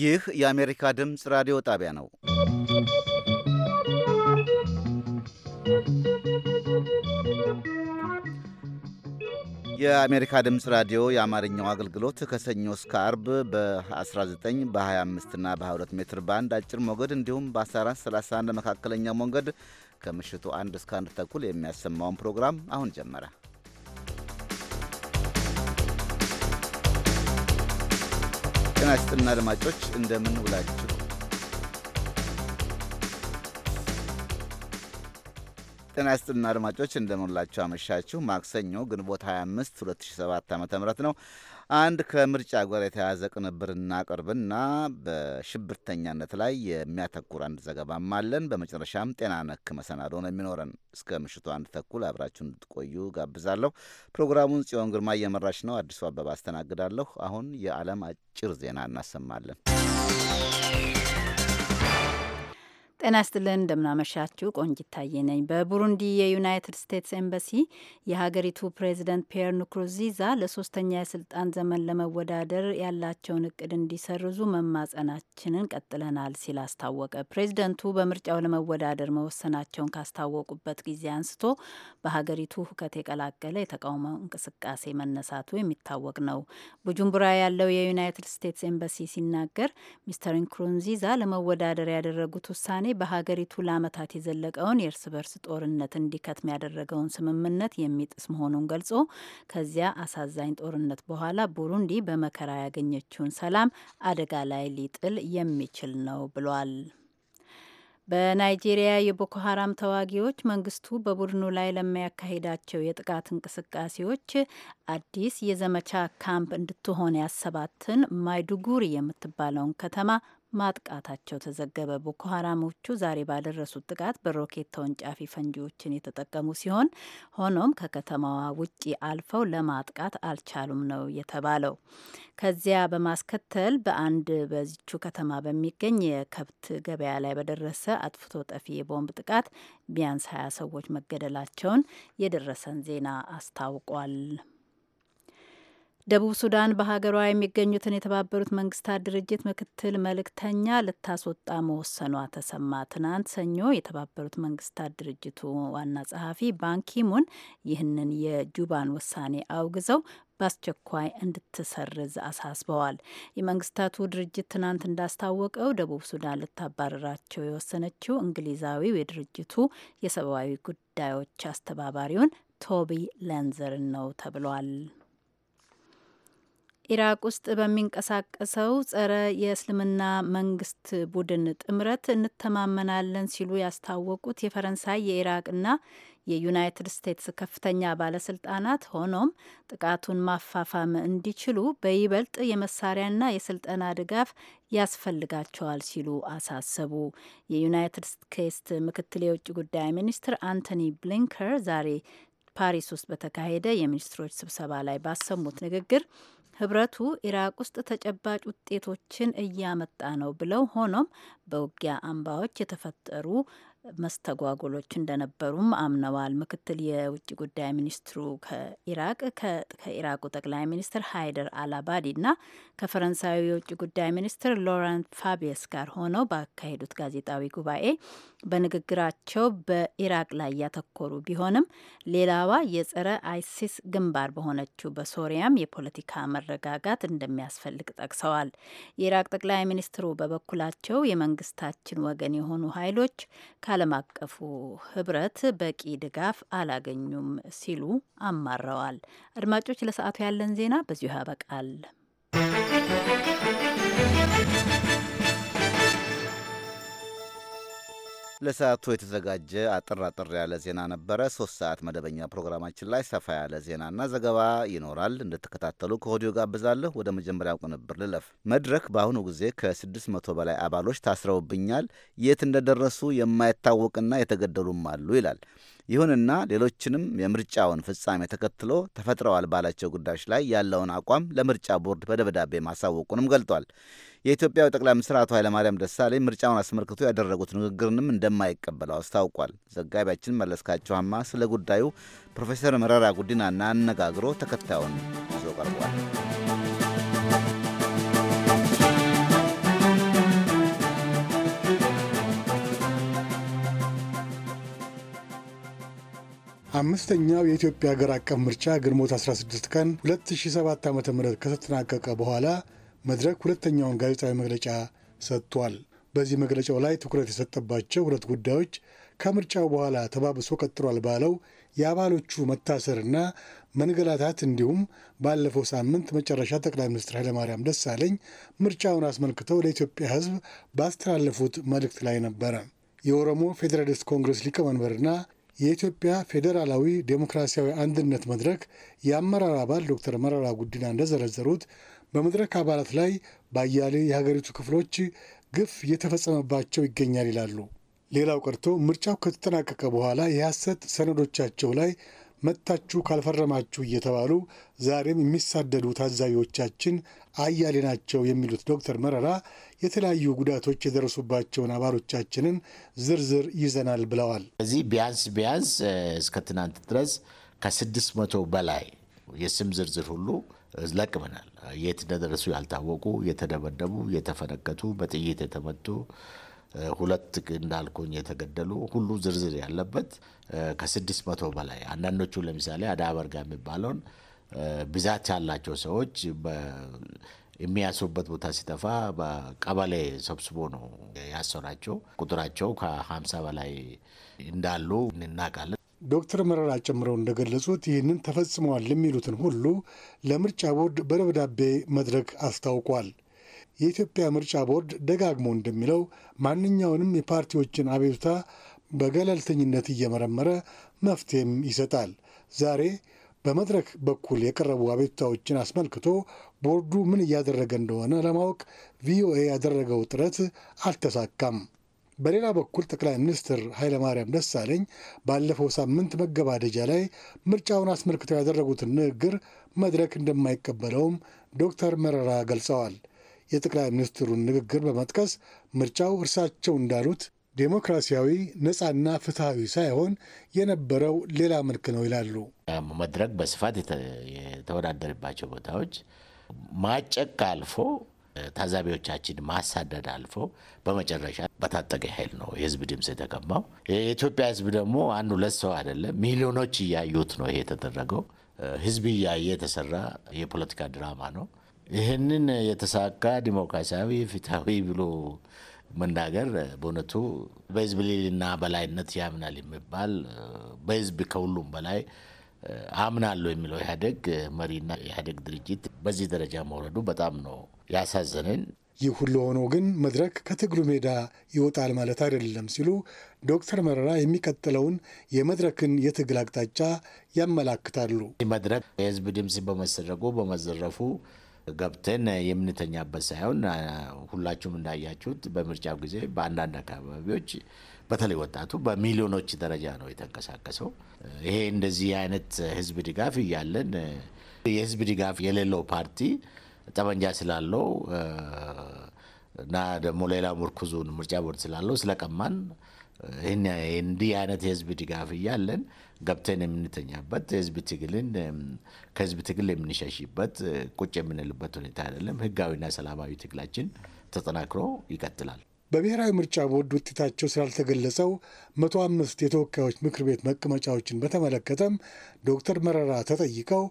ይህ የአሜሪካ ድምፅ ራዲዮ ጣቢያ ነው። የአሜሪካ ድምፅ ራዲዮ የአማርኛው አገልግሎት ከሰኞ እስከ አርብ በ19 በ25 እና በ22 ሜትር ባንድ አጭር ሞገድ እንዲሁም በ1431 መካከለኛ ሞገድ ከምሽቱ አንድ እስከ አንድ ተኩል የሚያሰማውን ፕሮግራም አሁን ጀመረ። ጤና ይስጥና አድማጮች እንደምን ውላችሁ። ጤና ይስጥና አድማጮች እንደምን ውላችሁ አመሻችሁ። ማክሰኞ ግንቦት 25 2007 ም ነው። አንድ ከምርጫ ጋር የተያዘ ቅንብር እናቀርብና በሽብርተኛነት ላይ የሚያተኩር አንድ ዘገባም አለን። በመጨረሻም ጤና ነክ መሰናዶ ነው የሚኖረን። እስከ ምሽቱ አንድ ተኩል አብራችሁ እንድትቆዩ ጋብዛለሁ። ፕሮግራሙን ጽዮን ግርማ እየመራች ነው። አዲሱ አበባ አስተናግዳለሁ። አሁን የዓለም አጭር ዜና እናሰማለን። ጤና ይስጥልን እንደምናመሻችሁ ቆንጅ ታዬ ነኝ። በቡሩንዲ የዩናይትድ ስቴትስ ኤምባሲ የሀገሪቱ ፕሬዚደንት ፒየር ንኩሩንዚዛ ለሶስተኛ የስልጣን ዘመን ለመወዳደር ያላቸውን እቅድ እንዲሰርዙ መማጸናችንን ቀጥለናል ሲል አስታወቀ። ፕሬዚደንቱ በምርጫው ለመወዳደር መወሰናቸውን ካስታወቁበት ጊዜ አንስቶ በሀገሪቱ ሁከት የቀላቀለ የተቃውሞ እንቅስቃሴ መነሳቱ የሚታወቅ ነው። ቡጁምቡራ ያለው የዩናይትድ ስቴትስ ኤምባሲ ሲናገር ሚስተር ንኩሩንዚዛ ለመወዳደር ያደረጉት ውሳኔ በሀገሪቱ ለዓመታት የዘለቀውን የእርስ በርስ ጦርነት እንዲከትም ያደረገውን ስምምነት የሚጥስ መሆኑን ገልጾ ከዚያ አሳዛኝ ጦርነት በኋላ ቡሩንዲ በመከራ ያገኘችውን ሰላም አደጋ ላይ ሊጥል የሚችል ነው ብሏል። በናይጄሪያ የቦኮ ሀራም ተዋጊዎች መንግስቱ በቡድኑ ላይ ለሚያካሂዳቸው የጥቃት እንቅስቃሴዎች አዲስ የዘመቻ ካምፕ እንድትሆን ያሰባትን ማይዱጉሪ የምትባለውን ከተማ ማጥቃታቸው ተዘገበ። ቦኮ ሀራሞቹ ዛሬ ባደረሱት ጥቃት በሮኬት ተወንጫፊ ፈንጂዎችን የተጠቀሙ ሲሆን ሆኖም ከከተማዋ ውጪ አልፈው ለማጥቃት አልቻሉም ነው የተባለው። ከዚያ በማስከተል በአንድ በዚቹ ከተማ በሚገኝ የከብት ገበያ ላይ በደረሰ አጥፍቶ ጠፊ የቦምብ ጥቃት ቢያንስ ሀያ ሰዎች መገደላቸውን የደረሰን ዜና አስታውቋል። ደቡብ ሱዳን በሀገሯ የሚገኙትን የተባበሩት መንግስታት ድርጅት ምክትል መልእክተኛ ልታስወጣ መወሰኗ ተሰማ። ትናንት ሰኞ የተባበሩት መንግስታት ድርጅቱ ዋና ጸሐፊ ባንኪሙን ይህንን የጁባን ውሳኔ አውግዘው በአስቸኳይ እንድትሰርዝ አሳስበዋል። የመንግስታቱ ድርጅት ትናንት እንዳስታወቀው ደቡብ ሱዳን ልታባረራቸው የወሰነችው እንግሊዛዊው የድርጅቱ የሰብአዊ ጉዳዮች አስተባባሪውን ቶቢ ለንዘርን ነው ተብሏል። ኢራቅ ውስጥ በሚንቀሳቀሰው ጸረ የእስልምና መንግስት ቡድን ጥምረት እንተማመናለን ሲሉ ያስታወቁት የፈረንሳይ የኢራቅና የዩናይትድ ስቴትስ ከፍተኛ ባለስልጣናት ሆኖም ጥቃቱን ማፋፋም እንዲችሉ በይበልጥ የመሳሪያና የስልጠና ድጋፍ ያስፈልጋቸዋል ሲሉ አሳሰቡ። የዩናይትድ ስቴትስ ምክትል የውጭ ጉዳይ ሚኒስትር አንቶኒ ብሊንከር ዛሬ ፓሪስ ውስጥ በተካሄደ የሚኒስትሮች ስብሰባ ላይ ባሰሙት ንግግር ህብረቱ ኢራቅ ውስጥ ተጨባጭ ውጤቶችን እያመጣ ነው ብለው ሆኖም በውጊያ አምባዎች የተፈጠሩ መስተጓጎሎች እንደነበሩም አምነዋል። ምክትል የውጭ ጉዳይ ሚኒስትሩ ከኢራቅ ከኢራቁ ጠቅላይ ሚኒስትር ሃይደር እና ከፈረንሳዊ የውጭ ጉዳይ ሚኒስትር ሎረንት ፋቢየስ ጋር ሆነው ባካሄዱት ጋዜጣዊ ጉባኤ በንግግራቸው በኢራቅ ላይ ያተኮሩ ቢሆንም ሌላዋ የጸረ አይሲስ ግንባር በሆነችው በሶሪያም የፖለቲካ መረጋጋት እንደሚያስፈልግ ጠቅሰዋል። የኢራቅ ጠቅላይ ሚኒስትሩ በበኩላቸው የመንግስታችን ወገን የሆኑ ኃይሎች ከ ከዓለም አቀፉ ህብረት በቂ ድጋፍ አላገኙም ሲሉ አማረዋል። አድማጮች፣ ለሰዓቱ ያለን ዜና በዚሁ ያበቃል። ለሰዓቱ የተዘጋጀ አጥር አጠር ያለ ዜና ነበረ። ሶስት ሰዓት መደበኛ ፕሮግራማችን ላይ ሰፋ ያለ ዜናና ዘገባ ይኖራል። እንድትከታተሉ ከወዲሁ ጋብዛለሁ። ወደ መጀመሪያው ቅንብር ልለፍ። መድረክ በአሁኑ ጊዜ ከስድስት መቶ በላይ አባሎች ታስረውብኛል፣ የት እንደደረሱ የማይታወቅና የተገደሉም አሉ ይላል። ይሁንና ሌሎችንም የምርጫውን ፍጻሜ ተከትሎ ተፈጥረዋል ባላቸው ጉዳዮች ላይ ያለውን አቋም ለምርጫ ቦርድ በደብዳቤ ማሳወቁንም ገልጧል። የኢትዮጵያው ጠቅላይ ሚኒስትር አቶ ኃይለማርያም ደሳለኝ ምርጫውን አስመልክቶ ያደረጉት ንግግርንም እንደማይቀበለው አስታውቋል። ዘጋቢያችን መለስካቸውማ ስለ ጉዳዩ ፕሮፌሰር መረራ ጉዲናና አነጋግሮ ተከታዩን ይዞ ቀርቧል። አምስተኛው የኢትዮጵያ ሀገር አቀፍ ምርጫ ግንቦት 16 ቀን 2007 ዓ ም ከተጠናቀቀ በኋላ መድረክ ሁለተኛውን ጋዜጣዊ መግለጫ ሰጥቷል። በዚህ መግለጫው ላይ ትኩረት የሰጠባቸው ሁለት ጉዳዮች ከምርጫው በኋላ ተባብሶ ቀጥሏል ባለው የአባሎቹ መታሰርና መንገላታት እንዲሁም ባለፈው ሳምንት መጨረሻ ጠቅላይ ሚኒስትር ኃይለማርያም ደሳለኝ ምርጫውን አስመልክተው ለኢትዮጵያ ሕዝብ ባስተላለፉት መልእክት ላይ ነበረ። የኦሮሞ ፌዴራሊስት ኮንግረስ ሊቀመንበርና የኢትዮጵያ ፌዴራላዊ ዴሞክራሲያዊ አንድነት መድረክ የአመራር አባል ዶክተር መረራ ጉዲና እንደዘረዘሩት በመድረክ አባላት ላይ በአያሌ የሀገሪቱ ክፍሎች ግፍ እየተፈጸመባቸው ይገኛል ይላሉ። ሌላው ቀርቶ ምርጫው ከተጠናቀቀ በኋላ የሐሰት ሰነዶቻቸው ላይ መታችሁ ካልፈረማችሁ እየተባሉ ዛሬም የሚሳደዱ ታዛቢዎቻችን አያሌ ናቸው የሚሉት ዶክተር መረራ የተለያዩ ጉዳቶች የደረሱባቸውን አባሎቻችንን ዝርዝር ይዘናል ብለዋል። እዚህ ቢያንስ ቢያንስ እስከ ትናንት ድረስ ከስድስት መቶ በላይ የስም ዝርዝር ሁሉ ለቅመናል። የት እንደደረሱ ያልታወቁ፣ የተደበደቡ፣ የተፈነከቱ፣ በጥይት የተመቱ ሁለት እንዳልኩኝ የተገደሉ ሁሉ ዝርዝር ያለበት ከስድስት መቶ በላይ አንዳንዶቹ ለምሳሌ አዳበርጋ የሚባለውን ብዛት ያላቸው ሰዎች የሚያስሩበት ቦታ ሲጠፋ በቀበሌ ሰብስቦ ነው ያሰራቸው። ቁጥራቸው ከሀምሳ በላይ እንዳሉ እናውቃለን። ዶክተር መረራ ጨምረው እንደገለጹት ይህንን ተፈጽመዋል የሚሉትን ሁሉ ለምርጫ ቦርድ በደብዳቤ መድረክ አስታውቋል። የኢትዮጵያ ምርጫ ቦርድ ደጋግሞ እንደሚለው ማንኛውንም የፓርቲዎችን አቤቱታ በገለልተኝነት እየመረመረ መፍትሄም ይሰጣል። ዛሬ በመድረክ በኩል የቀረቡ አቤቱታዎችን አስመልክቶ ቦርዱ ምን እያደረገ እንደሆነ ለማወቅ ቪኦኤ ያደረገው ጥረት አልተሳካም። በሌላ በኩል ጠቅላይ ሚኒስትር ኃይለማርያም ደሳለኝ ባለፈው ሳምንት መገባደጃ ላይ ምርጫውን አስመልክተው ያደረጉትን ንግግር መድረክ እንደማይቀበለውም ዶክተር መረራ ገልጸዋል። የጠቅላይ ሚኒስትሩን ንግግር በመጥቀስ ምርጫው እርሳቸው እንዳሉት ዴሞክራሲያዊ ነፃና ፍትሐዊ ሳይሆን የነበረው ሌላ መልክ ነው ይላሉ። መድረክ በስፋት የተወዳደርባቸው ቦታዎች ማጨቅ አልፎ ታዛቢዎቻችን ማሳደድ አልፎ በመጨረሻ በታጠቀ ኃይል ነው የህዝብ ድምፅ የተቀማው። የኢትዮጵያ ህዝብ ደግሞ አንዱ ሁለት ሰው አይደለም፣ ሚሊዮኖች እያዩት ነው ይሄ የተደረገው። ህዝብ እያየ የተሰራ የፖለቲካ ድራማ ነው። ይህንን የተሳካ ዲሞክራሲያዊ ፍትሐዊ ብሎ መናገር በእውነቱ በህዝብ ልዕልና በላይነት ያምናል የሚባል በህዝብ ከሁሉም በላይ አምናለሁ የሚለው ኢህአዴግ መሪና ኢህአዴግ ድርጅት በዚህ ደረጃ መውረዱ በጣም ነው ያሳዘነኝ። ይህ ሁሉ ሆኖ ግን መድረክ ከትግሉ ሜዳ ይወጣል ማለት አይደለም ሲሉ ዶክተር መረራ የሚቀጥለውን የመድረክን የትግል አቅጣጫ ያመላክታሉ። መድረክ የህዝብ ድምፅ በመሰረጉ በመዘረፉ ገብተን የምንተኛበት ሳይሆን ሁላችሁም እንዳያችሁት በምርጫው ጊዜ በአንዳንድ አካባቢዎች በተለይ ወጣቱ በሚሊዮኖች ደረጃ ነው የተንቀሳቀሰው። ይሄ እንደዚህ አይነት ህዝብ ድጋፍ እያለን የህዝብ ድጋፍ የሌለው ፓርቲ ጠመንጃ ስላለው እና ደግሞ ሌላ ምርኩዙን ምርጫ ቦርድ ስላለው ስለቀማን እንዲህ አይነት የህዝብ ድጋፍ እያለን ገብተን የምንተኛበት የህዝብ ትግልን ከህዝብ ትግል የምንሸሽበት ቁጭ የምንልበት ሁኔታ አይደለም። ህጋዊና ሰላማዊ ትግላችን ተጠናክሮ ይቀጥላል። በብሔራዊ ምርጫ ቦርድ ውጤታቸው ስላልተገለጸው መቶ አምስት የተወካዮች ምክር ቤት መቀመጫዎችን በተመለከተም ዶክተር መረራ ተጠይቀው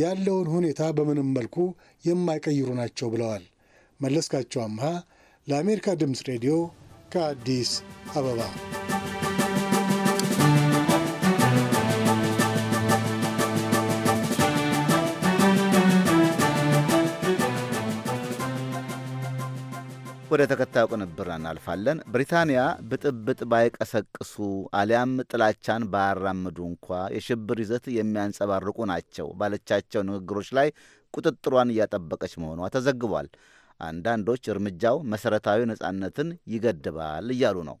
ያለውን ሁኔታ በምንም መልኩ የማይቀይሩ ናቸው ብለዋል። መለስካቸው አምሃ ለአሜሪካ ድምፅ ሬዲዮ ከአዲስ አበባ ወደ ተከታዩ ቅንብር እናልፋለን። ብሪታንያ ብጥብጥ ባይቀሰቅሱ አሊያም ጥላቻን ባያራምዱ እንኳ የሽብር ይዘት የሚያንጸባርቁ ናቸው ባለቻቸው ንግግሮች ላይ ቁጥጥሯን እያጠበቀች መሆኗ ተዘግቧል። አንዳንዶች እርምጃው መሠረታዊ ነጻነትን ይገድባል እያሉ ነው።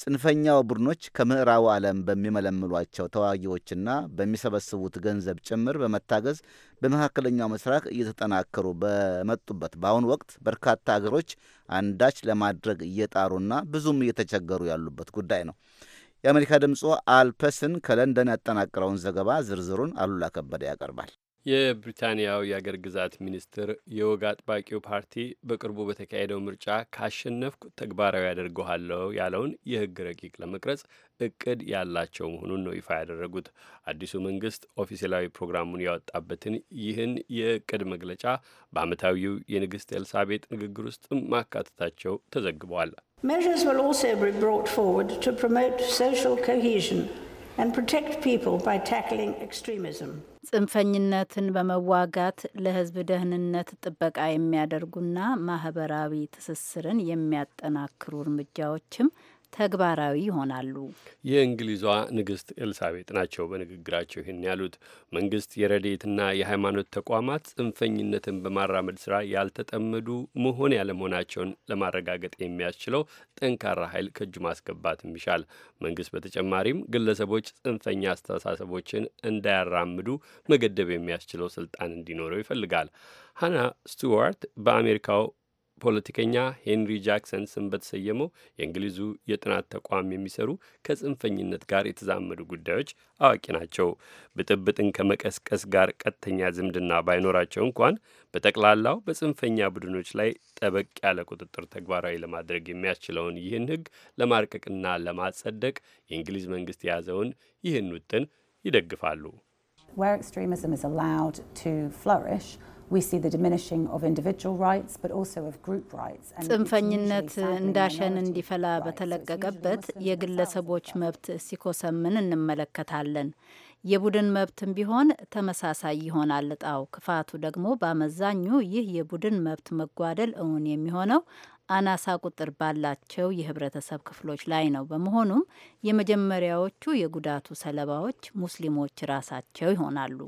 ጽንፈኛው ቡድኖች ከምዕራቡ ዓለም በሚመለምሏቸው ተዋጊዎችና በሚሰበስቡት ገንዘብ ጭምር በመታገዝ በመካከለኛው ምስራቅ እየተጠናከሩ በመጡበት በአሁኑ ወቅት በርካታ አገሮች አንዳች ለማድረግ እየጣሩና ብዙም እየተቸገሩ ያሉበት ጉዳይ ነው። የአሜሪካ ድምፅ አልፐስን ከለንደን ያጠናቀረውን ዘገባ ዝርዝሩን አሉላ ከበደ ያቀርባል። የብሪታንያው የአገር ግዛት ሚኒስትር የወግ አጥባቂው ፓርቲ በቅርቡ በተካሄደው ምርጫ ካሸነፍኩ ተግባራዊ ያደርገኋለሁ ያለውን የሕግ ረቂቅ ለመቅረጽ እቅድ ያላቸው መሆኑን ነው ይፋ ያደረጉት። አዲሱ መንግስት ኦፊሴላዊ ፕሮግራሙን ያወጣበትን ይህን የእቅድ መግለጫ በዓመታዊው የንግሥት ኤልሳቤጥ ንግግር ውስጥ ማካተታቸው ተዘግበዋል። Measures will also be brought forward to promote social cohesion and protect people by tackling extremism. ጽንፈኝነትን በመዋጋት ለህዝብ ደህንነት ጥበቃ የሚያደርጉና ማህበራዊ ትስስርን የሚያጠናክሩ እርምጃዎችም ተግባራዊ ይሆናሉ። የእንግሊዟ ንግሥት ኤልሳቤጥ ናቸው በንግግራቸው ይህን ያሉት። መንግስት የረድኤትና የሃይማኖት ተቋማት ጽንፈኝነትን በማራመድ ስራ ያልተጠመዱ መሆን ያለመሆናቸውን ለማረጋገጥ የሚያስችለው ጠንካራ ኃይል ከእጁ ማስገባትም ይሻል። መንግስት በተጨማሪም ግለሰቦች ጽንፈኛ አስተሳሰቦችን እንዳያራምዱ መገደብ የሚያስችለው ስልጣን እንዲኖረው ይፈልጋል። ሃና ስቱዋርት በአሜሪካው ፖለቲከኛ ሄንሪ ጃክሰን ስም በተሰየመው የእንግሊዙ የጥናት ተቋም የሚሰሩ ከጽንፈኝነት ጋር የተዛመዱ ጉዳዮች አዋቂ ናቸው። ብጥብጥን ከመቀስቀስ ጋር ቀጥተኛ ዝምድና ባይኖራቸው እንኳን በጠቅላላው በጽንፈኛ ቡድኖች ላይ ጠበቅ ያለ ቁጥጥር ተግባራዊ ለማድረግ የሚያስችለውን ይህን ሕግ ለማርቀቅና ለማጸደቅ የእንግሊዝ መንግስት የያዘውን ይህን ውጥን ይደግፋሉ። ጽንፈኝነት እንዳሸን እንዲፈላ በተለቀቀበት የግለሰቦች መብት ሲኮሰምን እንመለከታለን። የቡድን መብትም ቢሆን ተመሳሳይ ይሆናል እጣው። ክፋቱ ደግሞ በአመዛኙ ይህ የቡድን መብት መጓደል እውን የሚሆነው አናሳ ቁጥር ባላቸው የህብረተሰብ ክፍሎች ላይ ነው። በመሆኑም የመጀመሪያዎቹ የጉዳቱ ሰለባዎች ሙስሊሞች ራሳቸው ይሆናሉ።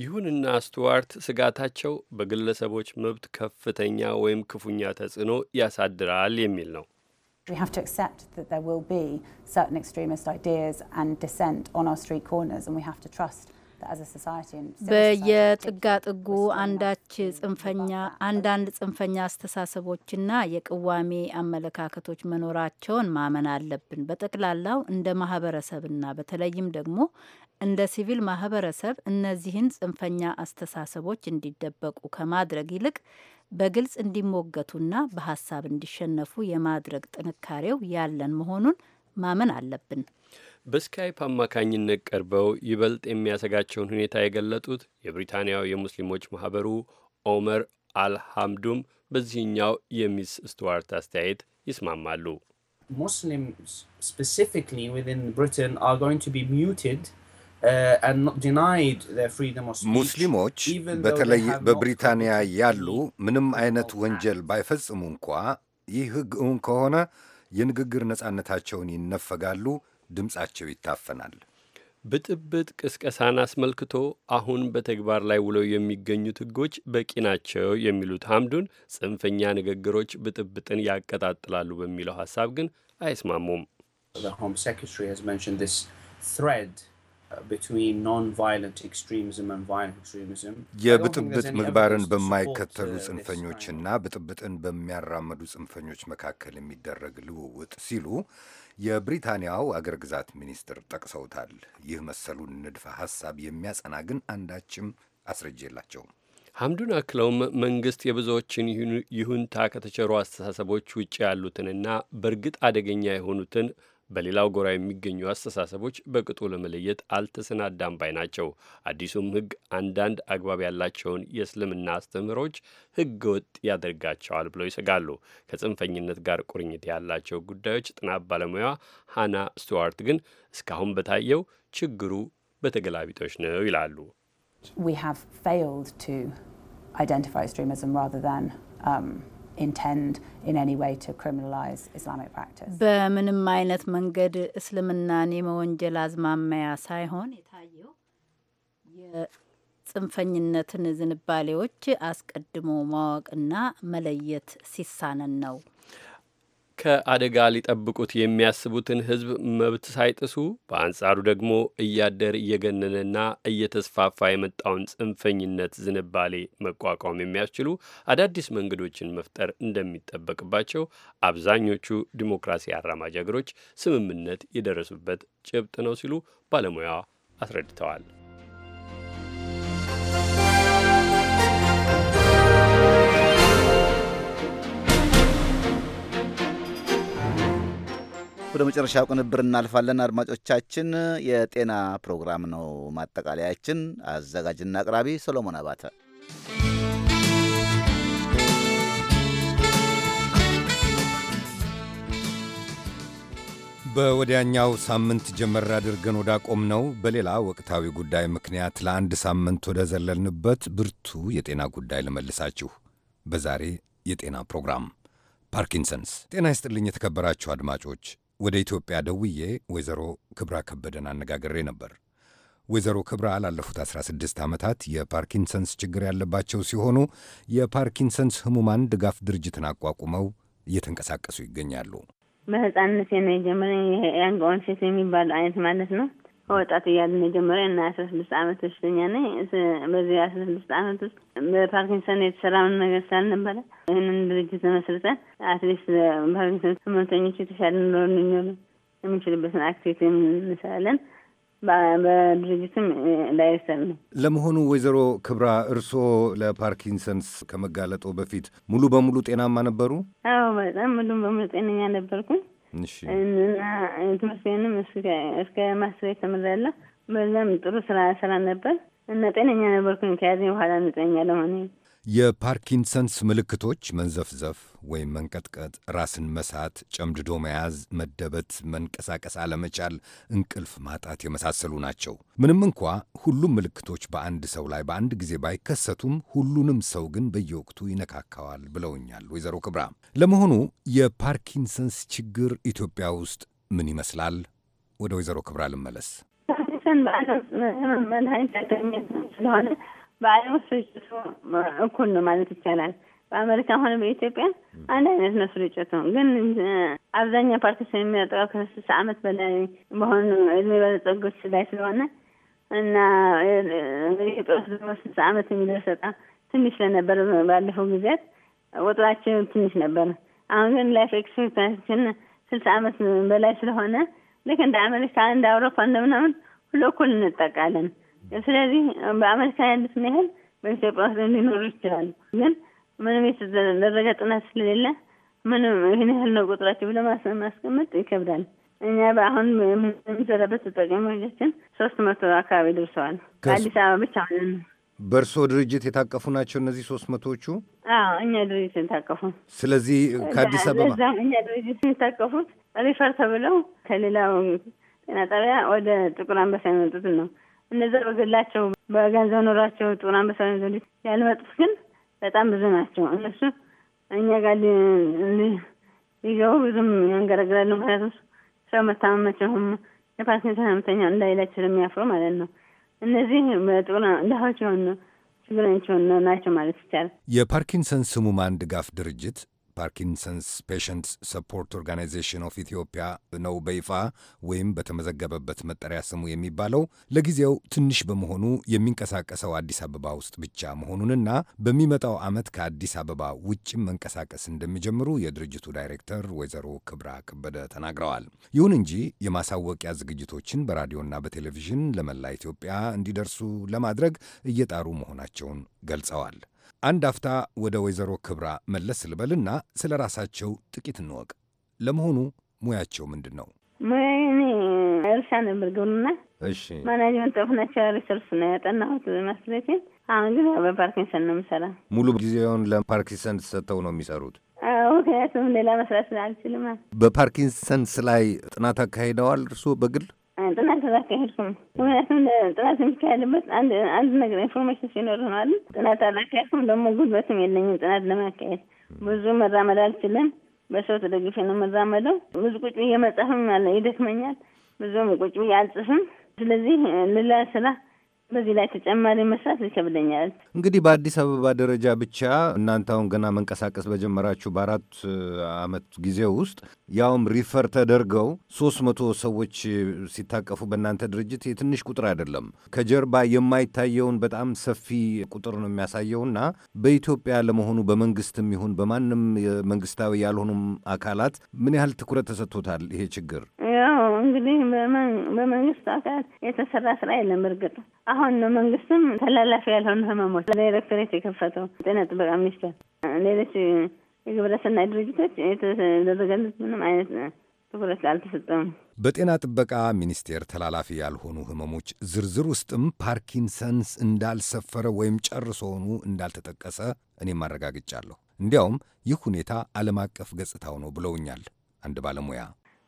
ይሁንና ስቱዋርት ስጋታቸው በግለሰቦች መብት ከፍተኛ ወይም ክፉኛ ተጽዕኖ ያሳድራል የሚል ነው። በየጥጋጥጉ አንዳች ጽንፈኛ አንዳንድ ጽንፈኛ አስተሳሰቦችና የቅዋሜ አመለካከቶች መኖራቸውን ማመን አለብን። በጠቅላላው እንደ ማህበረሰብና በተለይም ደግሞ እንደ ሲቪል ማህበረሰብ እነዚህን ጽንፈኛ አስተሳሰቦች እንዲደበቁ ከማድረግ ይልቅ በግልጽ እንዲሞገቱና በሀሳብ እንዲሸነፉ የማድረግ ጥንካሬው ያለን መሆኑን ማመን አለብን። በስካይፕ አማካኝነት ቀርበው ይበልጥ የሚያሰጋቸውን ሁኔታ የገለጡት የብሪታንያው የሙስሊሞች ማኅበሩ ኦመር አልሐምዱም በዚህኛው የሚስ ስቱዋርት አስተያየት ይስማማሉ። ሙስሊሞች በተለይ በብሪታንያ ያሉ ምንም አይነት ወንጀል ባይፈጽሙ እንኳ ይህ ሕግ እውን ከሆነ የንግግር ነጻነታቸውን ይነፈጋሉ፣ ድምፃቸው ይታፈናል። ብጥብጥ ቅስቀሳን አስመልክቶ አሁን በተግባር ላይ ውለው የሚገኙት ሕጎች በቂ ናቸው የሚሉት ሐምዱን ጽንፈኛ ንግግሮች ብጥብጥን ያቀጣጥላሉ በሚለው ሀሳብ ግን አይስማሙም። የብጥብጥ ምግባርን በማይከተሉ uh, ጽንፈኞችና ብጥብጥን በሚያራምዱ ጽንፈኞች መካከል የሚደረግ ልውውጥ ሲሉ የብሪታንያው አገር ግዛት ሚኒስትር ጠቅሰውታል። ይህ መሰሉን ንድፈ ሐሳብ የሚያጸና ግን አንዳችም አስረጅ የላቸውም። ሐምዱን አክለውም መንግስት የብዙዎችን ይሁንታ ከተቸሩ አስተሳሰቦች ውጭ ያሉትንና በእርግጥ አደገኛ የሆኑትን በሌላው ጎራ የሚገኙ አስተሳሰቦች በቅጡ ለመለየት አልተሰናዳም ባይ ናቸው። አዲሱም ሕግ አንዳንድ አግባብ ያላቸውን የእስልምና አስተምህሮች ሕገ ወጥ ያደርጋቸዋል ብለው ይሰጋሉ። ከጽንፈኝነት ጋር ቁርኝት ያላቸው ጉዳዮች ጥናት ባለሙያ ሃና ስቱዋርት ግን እስካሁን በታየው ችግሩ በተገላቢጦች ነው ይላሉ። We have failed to identify extremism rather than um, intend in any way to criminalize Islamic practice. በምንም አይነት መንገድ እስልምናን የመወንጀል አዝማሚያ ሳይሆን የታየው የጽንፈኝነትን ዝንባሌዎች አስቀድሞ ማወቅና መለየት ሲሳነን ነው። ከአደጋ ሊጠብቁት የሚያስቡትን ሕዝብ መብት ሳይጥሱ በአንጻሩ ደግሞ እያደር እየገነነና እየተስፋፋ የመጣውን ጽንፈኝነት ዝንባሌ መቋቋም የሚያስችሉ አዳዲስ መንገዶችን መፍጠር እንደሚጠበቅባቸው አብዛኞቹ ዲሞክራሲ አራማጅ ሀገሮች ስምምነት የደረሱበት ጭብጥ ነው ሲሉ ባለሙያዋ አስረድተዋል። ወደ መጨረሻው ቅንብር እናልፋለን። አድማጮቻችን፣ የጤና ፕሮግራም ነው ማጠቃለያችን። አዘጋጅና አቅራቢ ሰሎሞን አባተ። በወዲያኛው ሳምንት ጀመር አድርገን ወዳቆም ነው በሌላ ወቅታዊ ጉዳይ ምክንያት ለአንድ ሳምንት ወደ ዘለልንበት ብርቱ የጤና ጉዳይ ልመልሳችሁ በዛሬ የጤና ፕሮግራም ፓርኪንሰንስ። ጤና ይስጥልኝ የተከበራችሁ አድማጮች ወደ ኢትዮጵያ ደውዬ ወይዘሮ ክብራ ከበደን አነጋግሬ ነበር። ወይዘሮ ክብራ ላለፉት 16 ዓመታት የፓርኪንሰንስ ችግር ያለባቸው ሲሆኑ የፓርኪንሰንስ ህሙማን ድጋፍ ድርጅትን አቋቁመው እየተንቀሳቀሱ ይገኛሉ። በህፃንነት ነው የጀመረ የያንግ ኦንሴት የሚባለው አይነት ማለት ነው ወጣት እያለ መጀመሪያ እና አስራ ስድስት አመት በሽተኛ ነ በዚህ አስራ ስድስት አመት ውስጥ በፓርኪንሰን የተሰራ ምን ነገር ስላልነበረ ይህንን ድርጅት ተመስርተን አትሊስት ፓርኪንሰን ህመምተኞች የተሻለ ኑሮ እንዲኖሩ አክቲቪቲ እንሰራለን። በድርጅትም ዳይሬክተር ነው። ለመሆኑ ወይዘሮ ክብራ እርስዎ ለፓርኪንሰንስ ከመጋለጦ በፊት ሙሉ በሙሉ ጤናማ ነበሩ? አዎ፣ በጣም ሙሉ በሙሉ ጤነኛ ነበርኩኝ። እና ትምህርት እስከ ተምሬያለሁ። በዛም ጥሩ ስራ ስራ ነበር እና ጤነኛ ነበርኩኝ። ከያዘኝ በኋላ ነው ጤነኛ የፓርኪንሰንስ ምልክቶች መንዘፍዘፍ ወይም መንቀጥቀጥ፣ ራስን መሳት፣ ጨምድዶ መያዝ፣ መደበት፣ መንቀሳቀስ አለመቻል፣ እንቅልፍ ማጣት የመሳሰሉ ናቸው። ምንም እንኳ ሁሉም ምልክቶች በአንድ ሰው ላይ በአንድ ጊዜ ባይከሰቱም ሁሉንም ሰው ግን በየወቅቱ ይነካካዋል ብለውኛል ወይዘሮ ክብራ። ለመሆኑ የፓርኪንሰንስ ችግር ኢትዮጵያ ውስጥ ምን ይመስላል? ወደ ወይዘሮ ክብራ ልመለስ። ፓርኪንሰን በዓለም መድኃኒት ያገኘ ስለሆነ በዓለም ስርጭቱ እኩል ነው ማለት ይቻላል። በአሜሪካ ሆነ በኢትዮጵያ አንድ አይነት ነው ስርጭቱ። ግን አብዛኛው ፓርቲስ የሚያጠቃው ከስልሳ ዓመት በላይ በሆኑ እድሜ ባለጸጎች ላይ ስለሆነ እና ኢትዮጵያ ውስጥ ደግሞ ስልሳ ዓመት የሚደርስ በጣም ትንሽ ስለነበር ባለፈው ጊዜያት ቁጥራቸው ትንሽ ነበር። አሁን ግን ላይፍ ኤክስፔክታችን ስልሳ ዓመት በላይ ስለሆነ ልክ እንደ አሜሪካ እንደ አውሮፓ እንደምናምን ሁሉ እኩል እንጠቃለን። ስለዚህ በአሜሪካ ያሉትን ያህል በኢትዮጵያ ውስጥ ሊኖሩ ይችላሉ። ግን ምንም የተደረገ ጥናት ስለሌለ ምንም ይህን ያህል ነው ቁጥራቸው ብለ ማስቀመጥ ይከብዳል። እኛ በአሁን የምንሰራበት ተጠቃሚዎቻችን ሶስት መቶ አካባቢ ደርሰዋል። አዲስ አበባ ብቻ ነው። በእርስዎ ድርጅት የታቀፉ ናቸው እነዚህ ሶስት መቶዎቹ? አዎ እኛ ድርጅት የታቀፉ። ስለዚህ ከአዲስ አበባ እኛ ድርጅት የታቀፉት ሪፈር ተብለው ከሌላው ጤና ጣቢያ ወደ ጥቁር አንበሳ የመጡትን ነው እነዛ በገላቸው በገንዘብ ኖሯቸው ጥቁር አንበሳ ዘንድ ያልመጡት ግን በጣም ብዙ ናቸው። እነሱ እኛ ጋር ሊገቡ ብዙም ያንገረግራሉ። ምክንያቱም ሰው መታመመቸውም የፓስኔ ህመምተኛ እንዳይላቸው ስለሚያፍሩ ማለት ነው። እነዚህ በጥቁር ድሆች የሆኑ ችግረኞች ናቸው ማለት ይቻላል። የፓርኪንሰንስ ህሙማን ድጋፍ ድርጅት ፓርኪንሰንስ ፔሸንት ሰፖርት ኦርጋናይዜሽን ኦፍ ኢትዮጵያ ነው በይፋ ወይም በተመዘገበበት መጠሪያ ስሙ የሚባለው ለጊዜው ትንሽ በመሆኑ የሚንቀሳቀሰው አዲስ አበባ ውስጥ ብቻ መሆኑንና በሚመጣው ዓመት ከአዲስ አበባ ውጭም መንቀሳቀስ እንደሚጀምሩ የድርጅቱ ዳይሬክተር ወይዘሮ ክብራ ከበደ ተናግረዋል። ይሁን እንጂ የማሳወቂያ ዝግጅቶችን በራዲዮና በቴሌቪዥን ለመላ ኢትዮጵያ እንዲደርሱ ለማድረግ እየጣሩ መሆናቸውን ገልጸዋል። አንድ አፍታ ወደ ወይዘሮ ክብራ መለስ ልበልና ስለ ራሳቸው ጥቂት እንወቅ። ለመሆኑ ሙያቸው ምንድን ነው? ሙያኔ እርሻ ነበር፣ ግብርና። እሺ። ማናጅመንት ኦፍ ናቸራል ሪሶርስ ነው ያጠናሁት ማስትሬቴን። አሁን ግን በፓርኪንሰን ነው የምሰራ። ሙሉ ጊዜውን ለፓርኪንሰን ሰጥተው ነው የሚሰሩት? ምክንያቱም ሌላ መስራት አልችልም። በፓርኪንሰንስ ላይ ጥናት አካሂደዋል እርስዎ በግል? ጥናት አልሄድኩም። ምክንያቱም ጥናት የሚካሄድበት አንድ ነገር ኢንፎርሜሽን ሲኖር ነው አይደል? ጥናት አላካሄድኩም። ደግሞ ጉልበትም የለኝም ጥናት ለማካሄድ ብዙ መራመድ አልችልም። በሰው ተደግፌ ነው መራመደው። ብዙ ቁጭ ብዬ መጻፍም ይደክመኛል። ብዙም ቁጭ ብዬ አልጽፍም። ስለዚህ ሌላ ስራ በዚህ ላይ ተጨማሪ መስራት ይከብደኛል። እንግዲህ በአዲስ አበባ ደረጃ ብቻ እናንተ አሁን ገና መንቀሳቀስ በጀመራችሁ በአራት ዓመት ጊዜ ውስጥ ያውም ሪፈር ተደርገው ሶስት መቶ ሰዎች ሲታቀፉ በእናንተ ድርጅት የትንሽ ቁጥር አይደለም። ከጀርባ የማይታየውን በጣም ሰፊ ቁጥር ነው የሚያሳየውና በኢትዮጵያ ለመሆኑ በመንግስትም ይሁን በማንም መንግስታዊ ያልሆኑም አካላት ምን ያህል ትኩረት ተሰጥቶታል ይሄ ችግር? እንግዲህ በመንግስት አካል የተሰራ ስራ የለም። እርግጥ አሁን ነው መንግስትም ተላላፊ ያልሆኑ ህመሞች ዳይሬክቶሬት የከፈተው ጤና ጥበቃ ሚኒስቴር፣ ሌሎች የግብረሰናይ ድርጅቶች የተደረገለት ምንም አይነት ትኩረት አልተሰጠም። በጤና ጥበቃ ሚኒስቴር ተላላፊ ያልሆኑ ህመሞች ዝርዝር ውስጥም ፓርኪንሰንስ እንዳልሰፈረ ወይም ጨርሶውኑ እንዳልተጠቀሰ እኔ ማረጋግጫለሁ። እንዲያውም ይህ ሁኔታ ዓለም አቀፍ ገጽታው ነው ብለውኛል አንድ ባለሙያ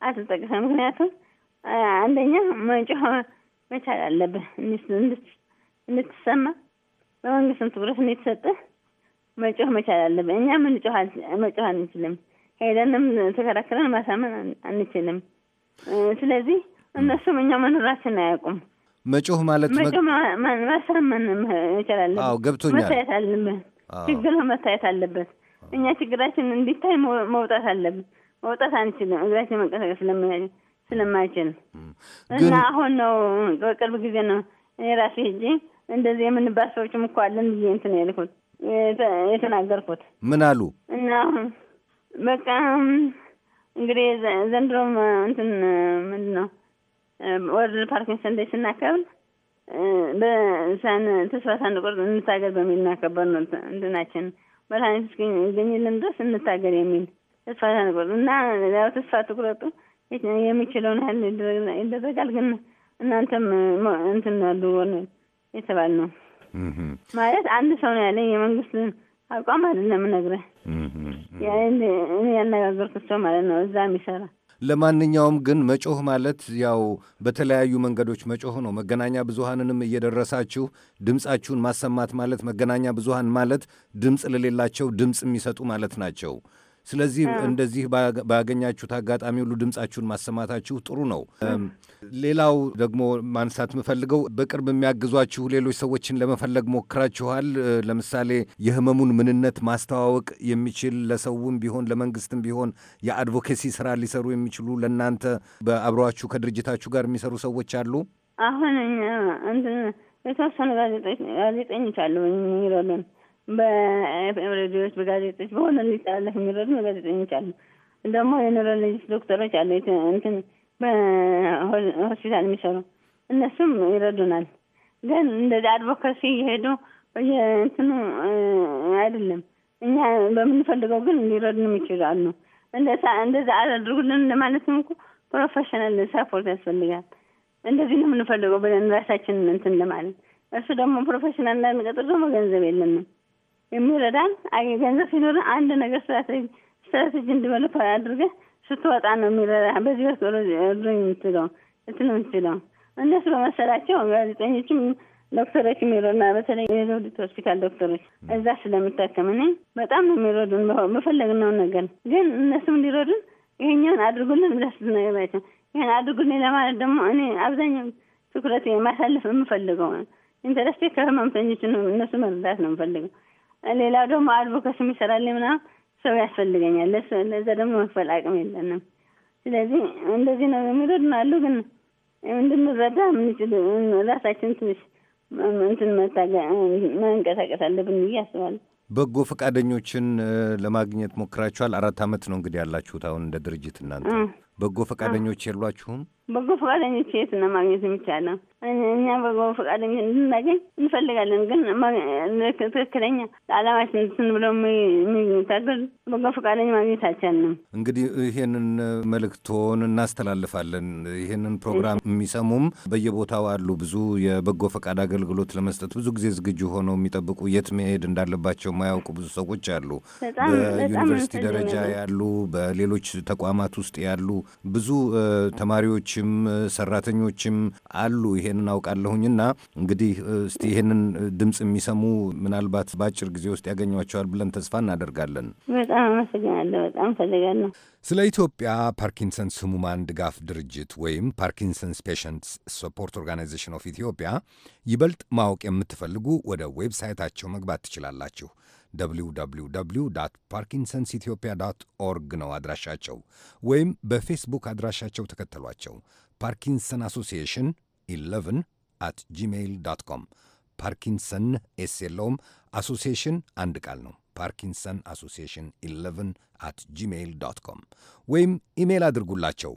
አልተጠቀሰ። ምክንያቱም አንደኛ መጮህ መቻል አለብህ እንድትሰማ በመንግስትም ትኩረት እንደተሰጠህ መጮህ መቻል አለብህ። እኛ ምን መጮህ አንችልም፣ ሄደንም ተከራክረን ማሳመን አንችልም። ስለዚህ እነሱም እኛ መኖራችን አያውቁም። መጮህ ማለት ማሳመን መቻል አለብህ። አዎ ገብቶኛል። መታየት አለብህ፣ ችግር መታየት አለበት። እኛ ችግራችን እንዲታይ መውጣት አለብን። መውጣት አንችልም፣ እግራችን መንቀሳቀስ ስለምናችን ስለማይችል እና አሁን ነው በቅርብ ጊዜ ነው እኔ ራሴ ሄጄ እንደዚህ የምንባት ሰዎችም እኮ አለን ብዬ እንትን ያልኩት የተናገርኩት። ምን አሉ? እና አሁን በቃ እንግዲህ ዘንድሮም እንትን ምንድን ነው ወርልድ ፓርኪንሰን ዴይ ስናከብር በሳን ተስፋ ሳንቆርጥ እንታገል በሚል እናከበር ነው እንትናችን መድኃኒት እስኪገኝልን ድረስ እንታገል የሚል ተስፋ ሳንቆርጥ እና ያው ተስፋ ትቁረጡ የሚችለውን ያህል ይደረጋል። ግን እናንተም እንትን ያሉ የተባል ነው ማለት አንድ ሰው ነው ያለኝ። የመንግስትን አቋም አይደለም እነግርህ ያነጋገርኩት ሰው ማለት ነው እዛ የሚሰራ ለማንኛውም ግን መጮህ ማለት ያው በተለያዩ መንገዶች መጮህ ነው። መገናኛ ብዙሃንንም እየደረሳችሁ ድምፃችሁን ማሰማት ማለት መገናኛ ብዙሃን ማለት ድምፅ ለሌላቸው ድምፅ የሚሰጡ ማለት ናቸው። ስለዚህ እንደዚህ ባገኛችሁት አጋጣሚ ሁሉ ድምጻችሁን ማሰማታችሁ ጥሩ ነው። ሌላው ደግሞ ማንሳት የምፈልገው በቅርብ የሚያግዟችሁ ሌሎች ሰዎችን ለመፈለግ ሞክራችኋል? ለምሳሌ የህመሙን ምንነት ማስተዋወቅ የሚችል ለሰውም ቢሆን ለመንግስትም ቢሆን የአድቮኬሲ ስራ ሊሰሩ የሚችሉ ለእናንተ በአብረዋችሁ ከድርጅታችሁ ጋር የሚሰሩ ሰዎች አሉ? አሁን እኛ እንትን የተወሰኑ ጋዜጠኞች አሉ ይረዱን በሬዲዮዎች፣ በጋዜጦች በሆነ እንዲተላለፍ የሚረዱ ጋዜጠኞች አሉ። ደግሞ የኒውሮሎጂስት ዶክተሮች አሉ። እንትን በሆስፒታል የሚሰሩ እነሱም ይረዱናል። ግን እንደዚህ አድቮካሲ እየሄዱ እንትኑ አይደለም። እኛ በምንፈልገው ግን የሚችሉ አሉ። እንደዛ አድርጉልን ለማለትም እኮ ፕሮፌሽናል ሰፖርት ያስፈልጋል። እንደዚህ ነው የምንፈልገው ብለን ራሳችንን እንትን ለማለት እሱ ደግሞ ፕሮፌሽናል እንዳንቀጥር ደግሞ ገንዘብ የለንም። የሚረዳን ገንዘብ ሲኖር አንድ ነገር ስትራቴጂ እንዲመለፍ አድርገ ስትወጣ ነው የሚረዳ። በዚህ ወቅት ሮ የምትለው እትል የምትለው እነሱ በመሰላቸው ጋዜጠኞችም ዶክተሮች የሚረዱና በተለይ የዘውዲት ሆስፒታል ዶክተሮች እዛ ስለምታከም እኔ በጣም ነው የሚረዱን። በፈለግነውን ነገር ግን እነሱም እንዲረዱን ይሄኛውን አድርጉልን ብለህ ስትነግራቸው ይህን አድርጉልኝ ለማለት ደግሞ እኔ አብዛኛው ትኩረት ማሳለፍ የምፈልገው ኢንተረስቴ ከህመምተኞች እነሱ መርዳት ነው የምፈልገው። ሌላው ደግሞ አድቮኬት ይሰራል ምናምን ሰው ያስፈልገኛል። ለዛ ደግሞ መክፈል አቅም የለንም። ስለዚህ እንደዚህ ነው የሚረዱን አሉ። ግን እንድንረዳ ምንችል ራሳችን ትንሽ እንትን መንቀሳቀስ አለብን ብዬ አስባለሁ። በጎ ፈቃደኞችን ለማግኘት ሞክራችኋል? አራት ዓመት ነው እንግዲህ ያላችሁት አሁን እንደ ድርጅት እናንተ። በጎ ፈቃደኞች የሏችሁም? በጎ ፈቃደኞች የት ነው ማግኘት የሚቻለው? እኛ በጎ ፈቃደኞች እንድናገኝ እንፈልጋለን። ግን ትክክለኛ ለዓላማችን እንትን ብሎ የሚታገሉ በጎ ፈቃደኛ ማግኘት አልቻልንም። እንግዲህ ይሄንን መልእክቶን እናስተላልፋለን። ይሄንን ፕሮግራም የሚሰሙም በየቦታው አሉ። ብዙ የበጎ ፈቃድ አገልግሎት ለመስጠት ብዙ ጊዜ ዝግጁ ሆነው የሚጠብቁ የት መሄድ እንዳለባቸው የማያውቁ ብዙ ሰዎች አሉ። በዩኒቨርሲቲ ደረጃ ያሉ፣ በሌሎች ተቋማት ውስጥ ያሉ ብዙ ተማሪዎች ተማሪዎችም ሰራተኞችም አሉ። ይሄን አውቃለሁኝና እንግዲህ እስቲ ይሄንን ድምፅ የሚሰሙ ምናልባት በአጭር ጊዜ ውስጥ ያገኟቸዋል ብለን ተስፋ እናደርጋለን። በጣም አመሰግናለሁ። በጣም ፈልጋለሁ። ስለ ኢትዮጵያ ፓርኪንሰንስ ህሙማን ድጋፍ ድርጅት ወይም ፓርኪንሰንስ ፔሽንትስ ሰፖርት ኦርጋናይዜሽን ኦፍ ኢትዮጵያ ይበልጥ ማወቅ የምትፈልጉ ወደ ዌብሳይታቸው መግባት ትችላላችሁ። www ፓርኪንሰንስ ኢትዮጵያ ዶት ኦርግ ነው አድራሻቸው። ወይም በፌስቡክ አድራሻቸው ተከተሏቸው። ፓርኪንሰን አሶሲዬሽን 11 አት ጂሜይል ዶት ኮም። ፓርኪንሰን ኤስ የለውም፣ አሶሲዬሽን አንድ ቃል ነው። ፓርኪንሰን አሶሲዬሽን 11 አት ጂሜይል ዶት ኮም ወይም ኢሜይል አድርጉላቸው።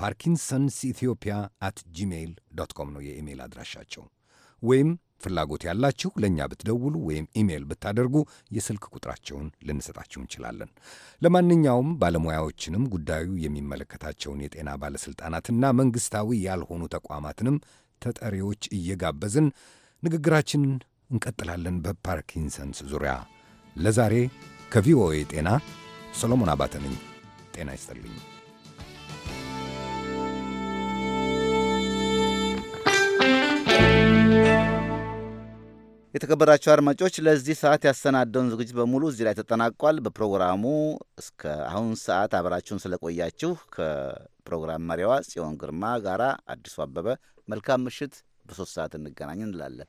ፓርኪንሰንስ ኢትዮጵያ አት ጂሜይል ዶት ኮም ነው የኢሜይል አድራሻቸው ወይም ፍላጎት ያላችሁ ለእኛ ብትደውሉ ወይም ኢሜይል ብታደርጉ የስልክ ቁጥራቸውን ልንሰጣችሁ እንችላለን። ለማንኛውም ባለሙያዎችንም ጉዳዩ የሚመለከታቸውን የጤና ባለሥልጣናትና መንግሥታዊ ያልሆኑ ተቋማትንም ተጠሪዎች እየጋበዝን ንግግራችንን እንቀጥላለን። በፓርኪንሰንስ ዙሪያ ለዛሬ ከቪኦኤ ጤና ሰሎሞን አባተ ነኝ። ጤና ይስጥልኝ። የተከበራቸው አድማጮች ለዚህ ሰዓት ያሰናደውን ዝግጅት በሙሉ እዚህ ላይ ተጠናቋል። በፕሮግራሙ እስከ አሁን ሰዓት አብራችሁን ስለቆያችሁ ከፕሮግራም መሪዋ ጽዮን ግርማ ጋራ አዲሱ አበበ መልካም ምሽት። በሶስት ሰዓት እንገናኝ እንላለን።